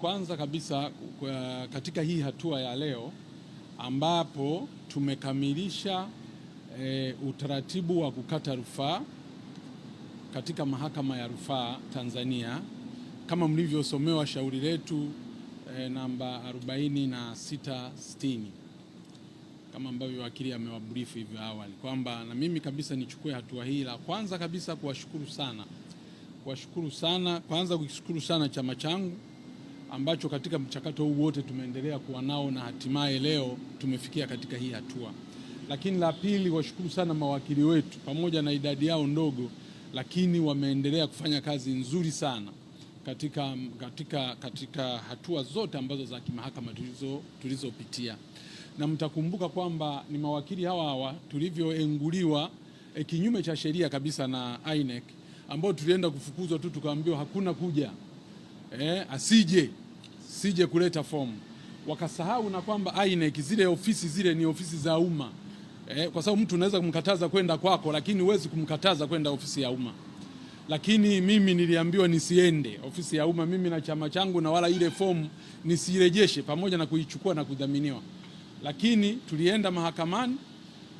Kwanza kabisa katika hii hatua ya leo ambapo tumekamilisha e, utaratibu wa kukata rufaa katika mahakama ya rufaa Tanzania kama mlivyosomewa shauri letu e, namba 4660 kama ambavyo wakili amewabrifu hivyo awali, kwamba na mimi kabisa nichukue hatua hii. La kwanza kabisa kuwashukuru sana, kuwashukuru sana kwanza, kushukuru sana chama changu ambacho katika mchakato huu wote tumeendelea kuwa nao na hatimaye leo tumefikia katika hii hatua. Lakini la pili, washukuru sana mawakili wetu, pamoja na idadi yao ndogo, lakini wameendelea kufanya kazi nzuri sana katika, katika, katika hatua zote ambazo za kimahakama tulizopitia, na mtakumbuka kwamba ni mawakili hawa hawa tulivyoenguliwa e, kinyume cha sheria kabisa na INEC ambao tulienda kufukuzwa tu tukaambiwa hakuna kuja eh, asije sije kuleta fomu. Wakasahau na kwamba INEC zile ofisi zile ni ofisi za umma eh, kwa sababu mtu unaweza kumkataza kwenda kwako, lakini huwezi kumkataza kwenda ofisi ya umma. Lakini mimi niliambiwa nisiende ofisi ya umma mimi na chama changu, na wala ile fomu nisirejeshe, pamoja na kuichukua na kudhaminiwa. Lakini tulienda mahakamani,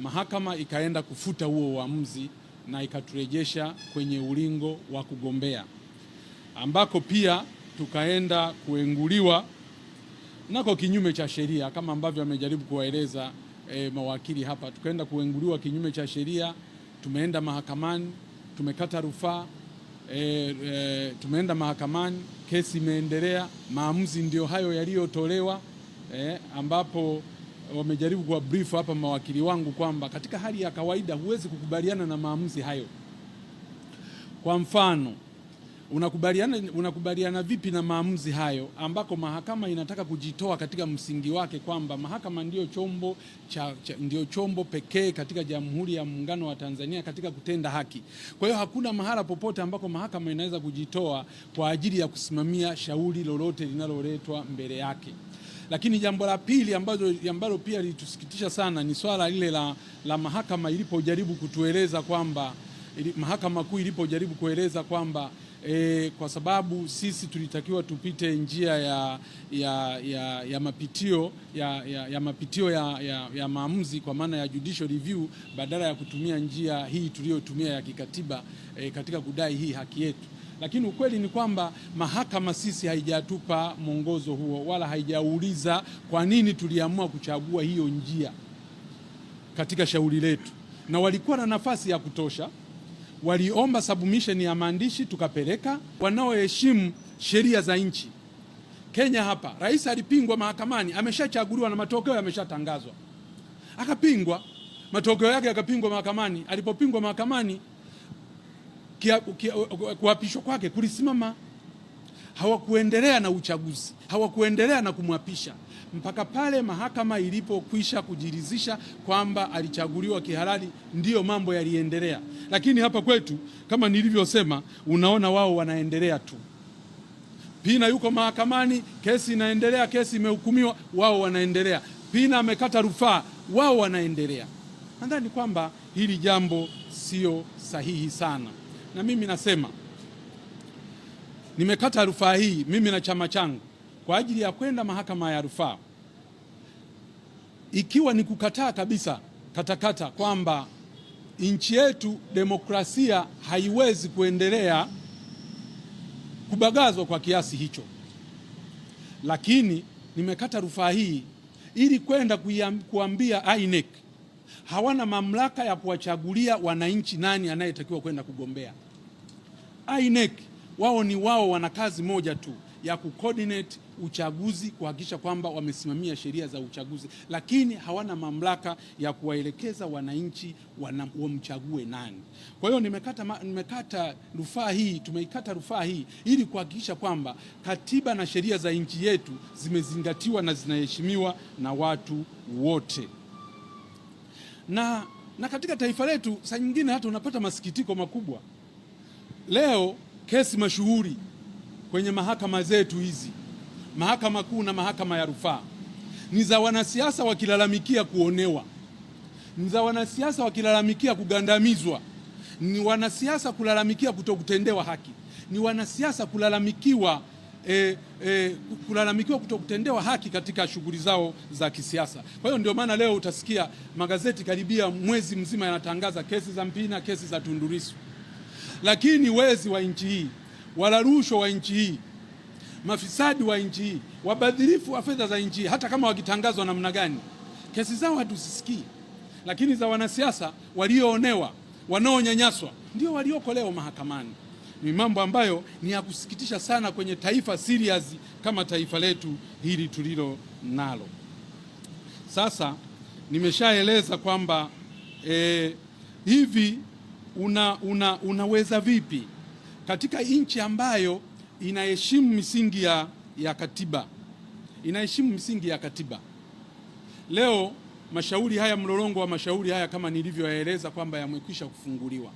mahakama ikaenda kufuta huo uamuzi na ikaturejesha kwenye ulingo wa kugombea ambako pia tukaenda kuenguliwa nako kinyume cha sheria kama ambavyo amejaribu kuwaeleza e, mawakili hapa. Tukaenda kuenguliwa kinyume cha sheria, tumeenda mahakamani, tumekata rufaa e, e, tumeenda mahakamani, kesi imeendelea, maamuzi ndio hayo yaliyotolewa e, ambapo wamejaribu kuwa brief hapa mawakili wangu kwamba katika hali ya kawaida huwezi kukubaliana na maamuzi hayo. Kwa mfano Unakubaliana, unakubaliana vipi na maamuzi hayo ambako mahakama inataka kujitoa katika msingi wake kwamba mahakama ndiyo chombo, cha, cha, ndiyo chombo pekee katika Jamhuri ya Muungano wa Tanzania katika kutenda haki. Kwa hiyo hakuna mahala popote ambako mahakama inaweza kujitoa kwa ajili ya kusimamia shauri lolote linaloletwa mbele yake. Lakini jambo la pili ambalo, ambalo pia lilitusikitisha sana ni swala lile la, la mahakama ilipojaribu kutueleza kwamba ili, mahakama kuu ilipojaribu kueleza kwamba e, kwa sababu sisi tulitakiwa tupite njia ya, ya, ya, ya mapitio ya, ya, ya mapitio ya, ya, ya maamuzi kwa maana ya judicial review badala ya kutumia njia hii tuliyotumia ya kikatiba e, katika kudai hii haki yetu lakini ukweli ni kwamba mahakama sisi haijatupa mwongozo huo wala haijauliza kwa nini tuliamua kuchagua hiyo njia katika shauri letu, na walikuwa na nafasi ya kutosha waliomba submission ya maandishi tukapeleka, wanaoheshimu sheria za nchi. Kenya hapa rais alipingwa mahakamani, ameshachaguliwa na matokeo yameshatangazwa, akapingwa, matokeo yake yakapingwa mahakamani. Alipopingwa mahakamani, kuapishwa kwake kulisimama. Hawakuendelea na uchaguzi, hawakuendelea na kumwapisha mpaka pale mahakama ilipokwisha kujiridhisha kwamba alichaguliwa kihalali, ndiyo mambo yaliendelea. Lakini hapa kwetu, kama nilivyosema, unaona wao wanaendelea tu. Pina yuko mahakamani, kesi inaendelea, kesi imehukumiwa, wao wanaendelea. Pina amekata rufaa, wao wanaendelea. Nadhani kwamba hili jambo sio sahihi sana, na mimi nasema nimekata rufaa hii mimi na chama changu kwa ajili ya kwenda mahakama ya rufaa ikiwa ni kukataa kabisa katakata kwamba nchi yetu demokrasia haiwezi kuendelea kubagazwa kwa kiasi hicho. Lakini nimekata rufaa hii ili kwenda kuambia INEC hawana mamlaka ya kuwachagulia wananchi nani anayetakiwa kwenda kugombea. INEC wao ni wao, wana kazi moja tu ya kucoordinate uchaguzi kuhakikisha kwamba wamesimamia sheria za uchaguzi, lakini hawana mamlaka ya kuwaelekeza wananchi wamchague nani. Kwa hiyo nimekata, nimekata rufaa hii, tumeikata rufaa hii ili kuhakikisha kwamba katiba na sheria za nchi yetu zimezingatiwa na zinaheshimiwa na watu wote na, na katika taifa letu saa nyingine hata unapata masikitiko makubwa. Leo kesi mashuhuri kwenye mahakama zetu hizi, mahakama kuu na mahakama ya rufaa, ni za wanasiasa wakilalamikia kuonewa, ni za wanasiasa wakilalamikia kugandamizwa, ni wanasiasa kulalamikia kutokutendewa haki, ni wanasiasa kulalamikiwa E, e, kulalamikiwa kutokutendewa haki katika shughuli zao za kisiasa. Kwa hiyo ndio maana leo utasikia magazeti karibia mwezi mzima yanatangaza kesi za Mpina, kesi za Tundu Lissu, lakini wezi wa nchi hii wala rushwa wa nchi hii, mafisadi wa nchi hii, wabadhirifu wa fedha za nchi hii, hata kama wakitangazwa namna gani, kesi zao hatuzisikii lakini za wanasiasa walioonewa, wanaonyanyaswa ndio walioko leo mahakamani. Ni mambo ambayo ni ya kusikitisha sana kwenye taifa serious kama taifa letu hili tulilo nalo. Sasa nimeshaeleza kwamba eh, hivi una, una, unaweza vipi katika nchi ambayo inaheshimu misingi ya, ya katiba inaheshimu misingi ya katiba. Leo mashauri haya, mlolongo wa mashauri haya kama nilivyoyaeleza kwamba yamekwisha kufunguliwa.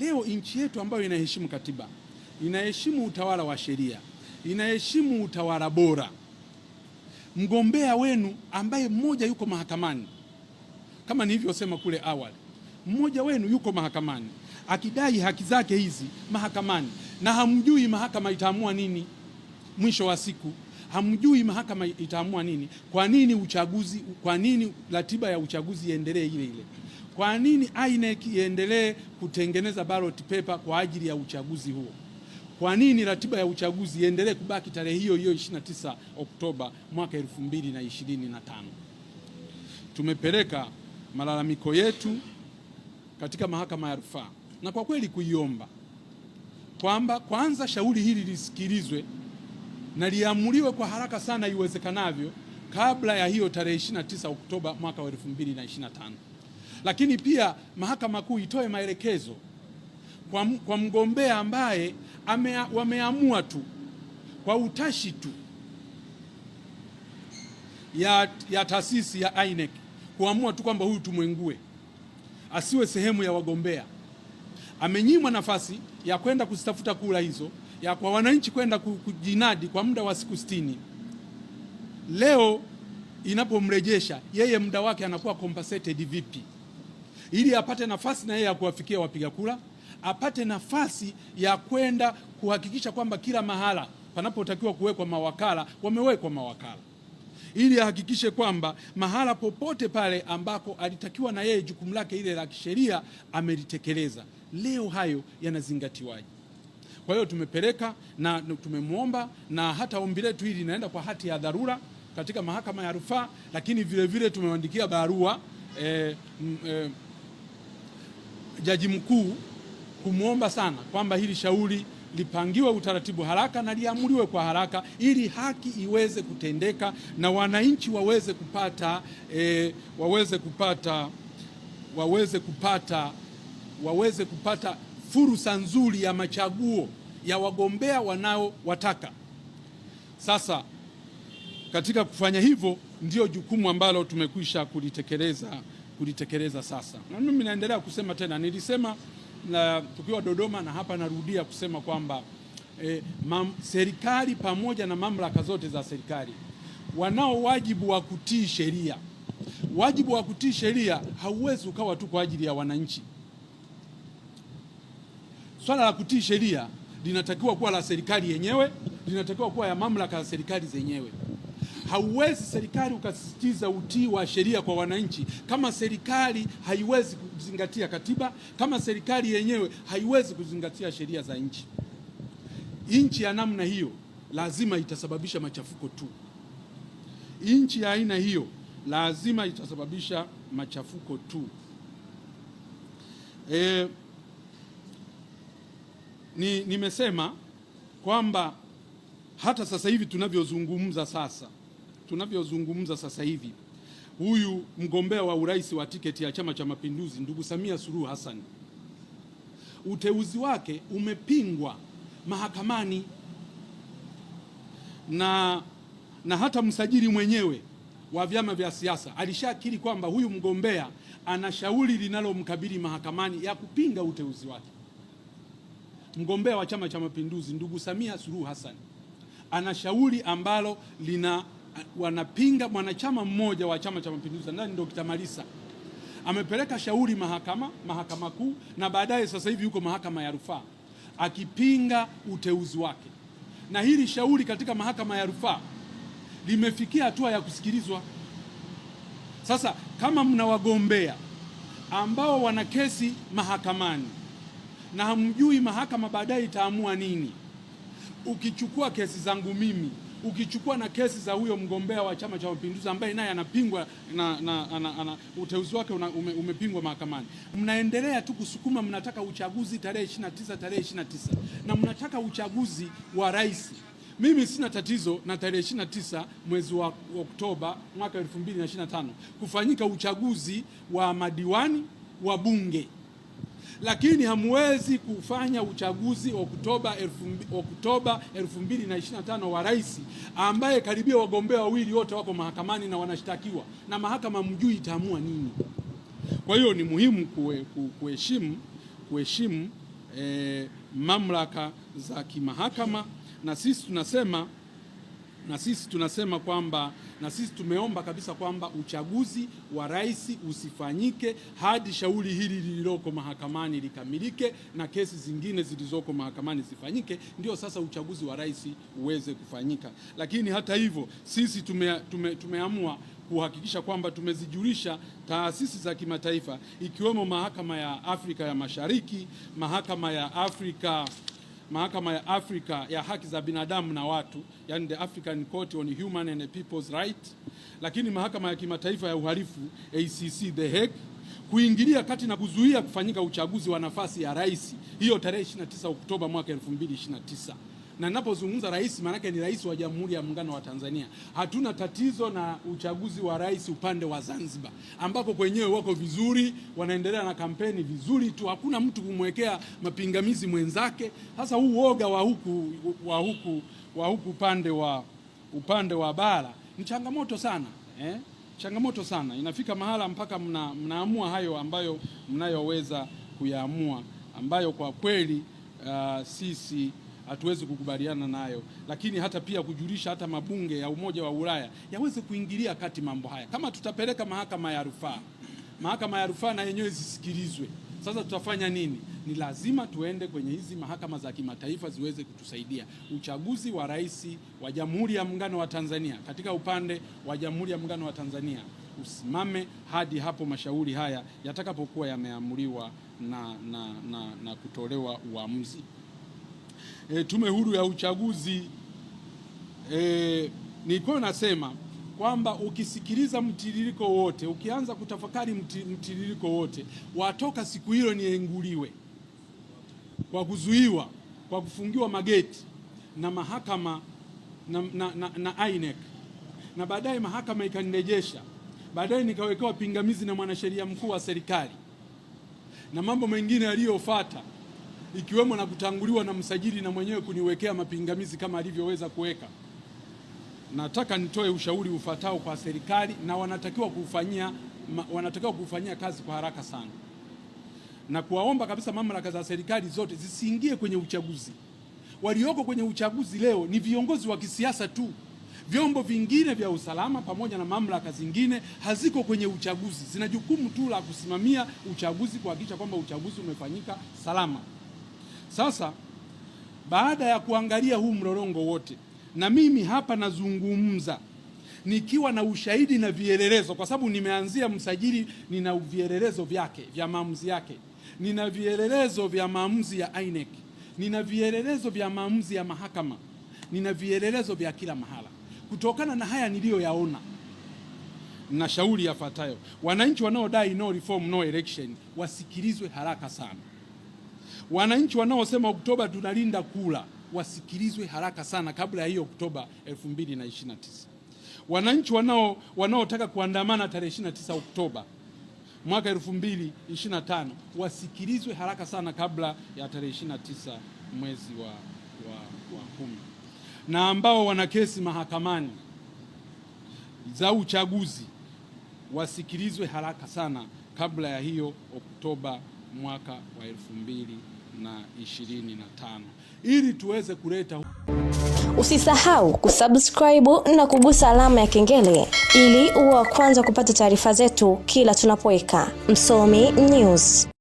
Leo nchi yetu ambayo inaheshimu katiba, inaheshimu utawala wa sheria, inaheshimu utawala bora, mgombea wenu ambaye mmoja yuko mahakamani, kama nilivyosema kule awali, mmoja wenu yuko mahakamani akidai haki zake hizi mahakamani, na hamjui mahakama itaamua nini. Mwisho wa siku hamjui mahakama itaamua nini. Kwa nini uchaguzi? Kwa nini ratiba ya uchaguzi iendelee ile ile? Kwa nini INEC iendelee kutengeneza ballot paper kwa ajili ya uchaguzi huo? Kwa nini ratiba ya uchaguzi iendelee kubaki tarehe hiyo hiyo 29 Oktoba mwaka 2025? Tumepeleka malalamiko yetu katika mahakama ya rufaa na kwa kweli kuiomba kwamba kwanza shauri hili lisikilizwe na liamuliwe kwa haraka sana iwezekanavyo kabla ya hiyo tarehe 29 Oktoba mwaka wa 2025. Lakini pia Mahakama Kuu itoe maelekezo kwa, kwa mgombea ambaye ame, wameamua tu kwa utashi tu ya, ya taasisi ya INEC kuamua tu kwamba huyu tumwengue asiwe sehemu ya wagombea amenyimwa nafasi ya kwenda kuzitafuta kura hizo, ya kwa wananchi kwenda kujinadi kwa muda wa siku sitini. Leo inapomrejesha yeye, muda wake anakuwa compensated vipi, ili apate nafasi na yeye ya kuwafikia wapiga kura, apate nafasi ya kwenda kuhakikisha kwamba kila mahala panapotakiwa kuwekwa mawakala wamewekwa mawakala ili ahakikishe kwamba mahala popote pale ambako alitakiwa na yeye jukumu lake ile la kisheria amelitekeleza. Leo hayo yanazingatiwaje? Kwa hiyo tumepeleka na tumemwomba, na hata ombi letu hili linaenda kwa hati ya dharura katika mahakama ya rufaa, lakini vilevile tumemwandikia barua eh, eh, jaji mkuu kumwomba sana kwamba hili shauri lipangiwe utaratibu haraka na liamuliwe kwa haraka ili haki iweze kutendeka na wananchi waweze kupata e, waweze kupata waweze kupata waweze kupata fursa nzuri ya machaguo ya wagombea wanaowataka. Sasa katika kufanya hivyo ndio jukumu ambalo tumekwisha kulitekeleza kulitekeleza sasa, na mimi naendelea kusema tena, nilisema na tukiwa Dodoma na hapa, narudia kusema kwamba eh, serikali pamoja na mamlaka zote za serikali wanao wajibu wa kutii sheria. Wajibu wa kutii sheria hauwezi ukawa tu kwa ajili ya wananchi. Swala la kutii sheria linatakiwa kuwa la serikali yenyewe, linatakiwa kuwa ya mamlaka ya serikali zenyewe. Hauwezi serikali ukasisitiza utii wa sheria kwa wananchi kama serikali haiwezi kuzingatia katiba, kama serikali yenyewe haiwezi kuzingatia sheria za nchi. Nchi ya namna hiyo lazima itasababisha machafuko tu. Nchi ya aina hiyo lazima itasababisha machafuko tu. E, ni nimesema kwamba hata sasa hivi tunavyozungumza sasa tunavyozungumza sasa hivi, huyu mgombea wa urais wa tiketi ya Chama cha Mapinduzi ndugu Samia Suluhu Hassan, uteuzi wake umepingwa mahakamani na, na hata msajili mwenyewe wa vyama vya siasa alishakiri kwamba huyu mgombea ana shauri linalomkabili mahakamani ya kupinga uteuzi wake. Mgombea wa Chama cha Mapinduzi ndugu Samia Suluhu Hassan ana shauri ambalo lina wanapinga mwanachama mmoja wa Chama cha Mapinduzi ndani Dr. Malisa amepeleka shauri mahakama mahakama kuu na baadaye sasa hivi yuko mahakama ya rufaa akipinga uteuzi wake, na hili shauri katika mahakama ya rufaa limefikia hatua ya kusikilizwa. Sasa kama mna wagombea ambao wana kesi mahakamani na hamjui mahakama baadaye itaamua nini, ukichukua kesi zangu mimi ukichukua na kesi za huyo mgombea wa Chama cha Mapinduzi ambaye naye anapingwa na, na, na, na uteuzi wake una, ume, umepingwa mahakamani, mnaendelea tu kusukuma, mnataka uchaguzi tarehe 29 tarehe 29 na mnataka uchaguzi wa rais. Mimi sina tatizo na tarehe 29 mwezi wa Oktoba mwaka 2025 kufanyika uchaguzi wa madiwani wa bunge lakini hamwezi kufanya uchaguzi Oktoba Oktoba 2025 wa rais ambaye karibia wagombea wawili wote wako mahakamani na wanashtakiwa na mahakama, mjui itaamua nini. Kwa hiyo ni muhimu kuheshimu kuheshimu eh, mamlaka za kimahakama na sisi tunasema na sisi tunasema kwamba na sisi tumeomba kabisa kwamba uchaguzi wa rais usifanyike hadi shauri hili lililoko mahakamani likamilike na kesi zingine zilizoko mahakamani zifanyike, ndio sasa uchaguzi wa rais uweze kufanyika. Lakini hata hivyo sisi tume, tume, tumeamua kuhakikisha kwamba tumezijulisha taasisi za kimataifa ikiwemo mahakama ya Afrika ya Mashariki, mahakama ya Afrika mahakama ya Afrika ya haki za binadamu na watu, yani the African Court on Human and People's Right, lakini mahakama ya kimataifa ya uhalifu ACC The Hague kuingilia kati na kuzuia kufanyika uchaguzi wa nafasi ya rais hiyo tarehe 29 Oktoba mwaka 2029 na ninapozungumza rais, maanake ni rais wa Jamhuri ya Muungano wa Tanzania. Hatuna tatizo na uchaguzi wa rais upande wa Zanzibar, ambapo kwenyewe wako vizuri, wanaendelea na kampeni vizuri tu, hakuna mtu kumwekea mapingamizi mwenzake. Sasa huu woga wa huku wa huku wa huku upande wa upande wa bara ni changamoto sana eh? changamoto sana, inafika mahala mpaka mna, mnaamua hayo ambayo mnayoweza kuyaamua ambayo kwa kweli uh, sisi hatuwezi kukubaliana nayo, lakini hata pia kujulisha hata mabunge ya Umoja wa Ulaya yaweze kuingilia kati mambo haya. Kama tutapeleka mahakama ya rufaa, mahakama ya rufaa na yenyewe zisikilizwe. Sasa tutafanya nini? Ni lazima tuende kwenye hizi mahakama za kimataifa ziweze kutusaidia. Uchaguzi wa rais wa Jamhuri ya Muungano wa Tanzania, katika upande wa Jamhuri ya Muungano wa Tanzania usimame hadi hapo mashauri haya yatakapokuwa yameamuliwa na, na, na, na kutolewa uamuzi e, Tume Huru ya Uchaguzi e, nilikuwa nasema kwamba ukisikiliza mtiririko wote, ukianza kutafakari mtiririko wote, watoka siku hilo nienguliwe kwa kuzuiwa, kwa kufungiwa mageti na mahakama na, na, na, na INEC na baadaye mahakama ikanirejesha, baadaye nikawekewa pingamizi na mwanasheria mkuu wa serikali na mambo mengine yaliyofuata ikiwemo na kutanguliwa na msajili na mwenyewe kuniwekea mapingamizi kama alivyoweza kuweka. Nataka nitoe ushauri ufatao kwa serikali na wanatakiwa kufanyia wanatakiwa kufanyia kazi kwa haraka sana na kuwaomba kabisa mamlaka za serikali zote zisiingie kwenye uchaguzi. Walioko kwenye uchaguzi leo ni viongozi wa kisiasa tu. Vyombo vingine vya usalama pamoja na mamlaka zingine haziko kwenye uchaguzi, zina jukumu tu la kusimamia uchaguzi, kuhakikisha kwamba uchaguzi umefanyika salama. Sasa baada ya kuangalia huu mlolongo wote, na mimi hapa nazungumza nikiwa na ushahidi na vielelezo, kwa sababu nimeanzia msajili, nina vielelezo vyake vya maamuzi yake, nina vielelezo vya maamuzi ya INEC, nina vielelezo vya maamuzi ya mahakama, nina vielelezo vya kila mahala. Kutokana na haya niliyoyaona, na shauri yafuatayo: wananchi wanaodai no reform no election wasikilizwe haraka sana. Wananchi wanaosema Oktoba tunalinda kura wasikilizwe haraka sana kabla ya hiyo Oktoba 2029. Wananchi wanao wanaotaka kuandamana tarehe 29 Oktoba mwaka 2025 wasikilizwe haraka sana kabla ya tarehe 29 mwezi wa, wa, wa kumi, na ambao wana kesi mahakamani za uchaguzi wasikilizwe haraka sana kabla ya hiyo Oktoba mwaka wa 2025 na ishirini na tano ili tuweze kuleta. Usisahau kusubscribe na kugusa alama ya kengele ili uwe wa kwanza kupata taarifa zetu kila tunapoweka Msomi News.